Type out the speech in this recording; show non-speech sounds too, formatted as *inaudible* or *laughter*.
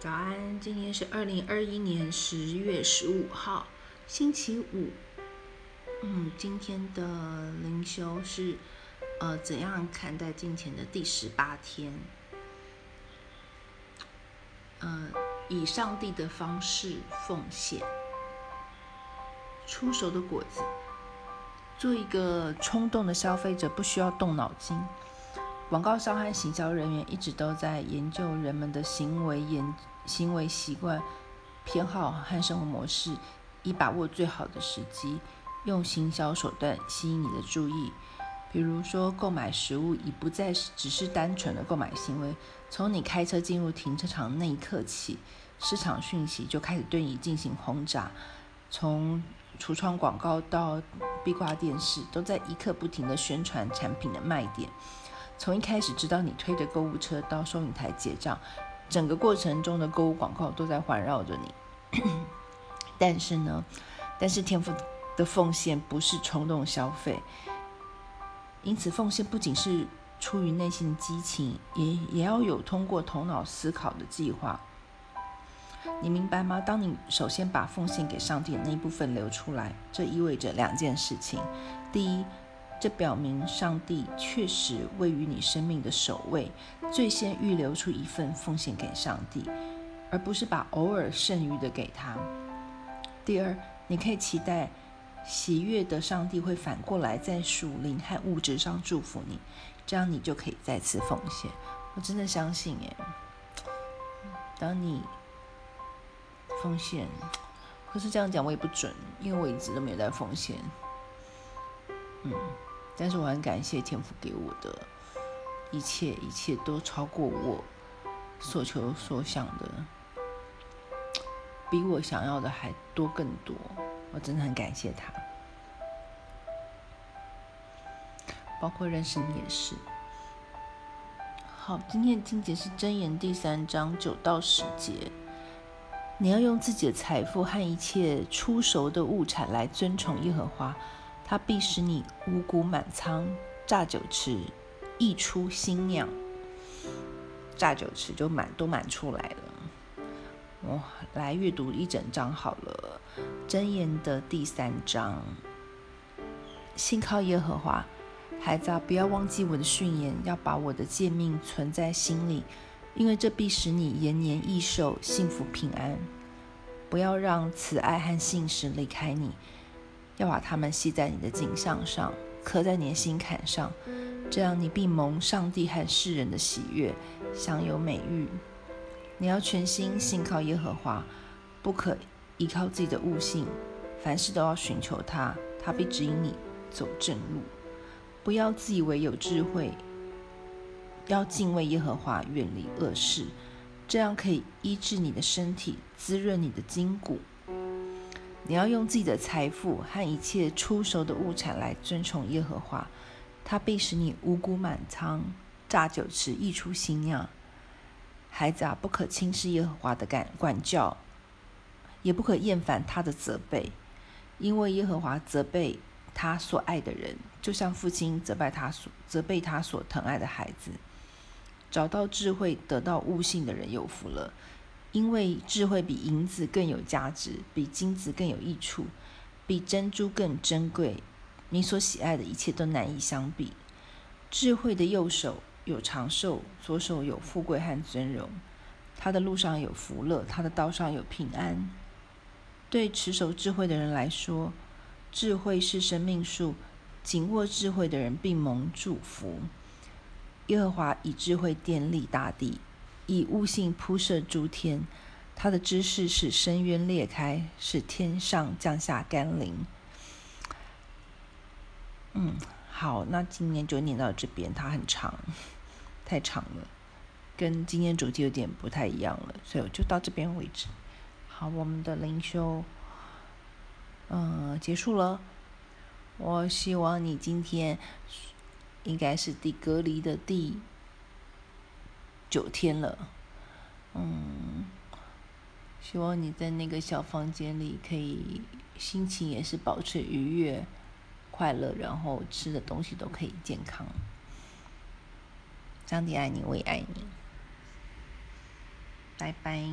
早安，今天是二零二一年十月十五號，星期五。嗯，今天的靈修是，呃，怎樣看待金錢的第十八天。嗯、呃，以上帝的方式奉獻，初熟的果子，做一個衝動的消費者，不需要動腦筋。廣告商和行銷人員一直都在研究人們的行為、行行為習慣、偏好和生活模式，以把握最好的時機，用行銷手段吸引你的注意。比如說，購買食物已不再是只是單純的購買行為。從你開車進入停車場那一刻起，市場訊息就開始對你進行轟炸。從櫥窗廣告到壁掛電視，都在一刻不停地宣傳產品的賣點。從一開始，直到你推着購物車到收銀台結賬，整個過程中的購物廣告都在環繞着你。 *coughs* 但是呢，但是天父的奉獻不是衝動消費，因此奉獻不僅是出於內心的激情，也也要有通過頭腦思考的計劃。你明白嗎？當你首先把奉獻給上帝的那一部分留出來，這意味着兩件事情：第一，這表明上帝確實位於你生命的首位，最先預留出一份奉獻給上帝，而不是把偶爾剩餘的給他。第二，你可以期待，喜悅的上帝會反過來在屬靈和物質上祝福你，這樣你就可以再次奉獻。我真的相信耶，當你奉獻，可是這樣講我也不準，因為我一直都沒有在奉獻。嗯。但是我很感謝天父給我的一切，一切都超過我所求所想的，比我想要的還多更多。我真的很感謝他，包括認識你也是。好，今天的經節是箴言第三章九到十節，你要用自己的財富和一切初熟的物產來尊崇耶和華。它必使你五穀滿倉，榨酒池溢出新釀，榨酒池就滿都滿出來了。我、哦、來閱讀一整章好了，《箴言》的第三章。信靠耶和華，孩子、啊，不要忘記我的訓言，要把我的誡命存在心裡，因為這必使你延年益壽、幸福平安。不要讓慈愛和信實離開你。要把它們繫在你的頸項上，刻在你的心坎上，這樣你必蒙上帝和世人的喜悅，享有美譽。你要全心信靠耶和華，不可依靠自己的悟性，凡事都要尋求他，他必指引你走正路。不要自以為有智慧，要敬畏耶和華，遠離惡事，這樣可以醫治你的身體，滋潤你的筋骨。你要用自己的財富和一切初熟的物產來尊崇耶和華，他必使你五穀滿倉，榨酒池溢出新釀。孩子啊，不可輕視耶和華的管管教，也不可厭煩他的責備，因為耶和華責備他所愛的人，就像父親責備他所責備他所疼愛的孩子。找到智慧、得到悟性的人有福了。因為智慧比銀子更有價值，比金子更有益處，比珍珠更珍貴，你所喜愛的一切都難以相比。智慧的右手有長壽，左手有富貴和尊榮，他的路上有福樂，他的刀上有平安。對持守智慧的人來說，智慧是生命樹。緊握智慧的人並蒙祝福。耶和華以智慧建立大地。以悟性鋪設諸天，他的知識使深淵裂開，使天上降下甘霖。嗯，好，那今天就念到這邊，它很長，太長了，跟今天主題有點不太一樣了，所以我就到這邊為止。好，我們的靈修，嗯，結束了。我希望你今天應該是第隔離的第。九天了，嗯，希望你在那個小房間裡可以心情也是保持愉悅、快樂，然後吃的東西都可以健康。上帝愛你，我也愛你，拜拜。